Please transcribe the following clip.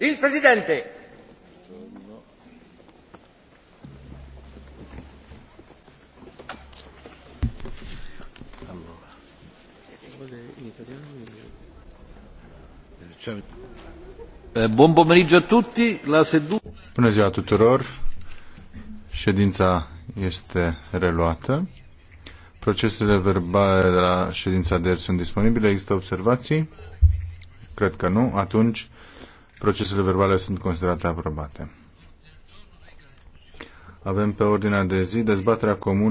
Il Presidente. Allora. Eh, buon pomeriggio a tutti, la seduta... Bună ziua tuturor, ședința este reluată. Procesele verbale de la ședința de ieri sunt disponibile, există observații? Cred că nu, atunci Procesele verbale sunt considerate aprobate. Avem pe ordinea de zi dezbaterea comună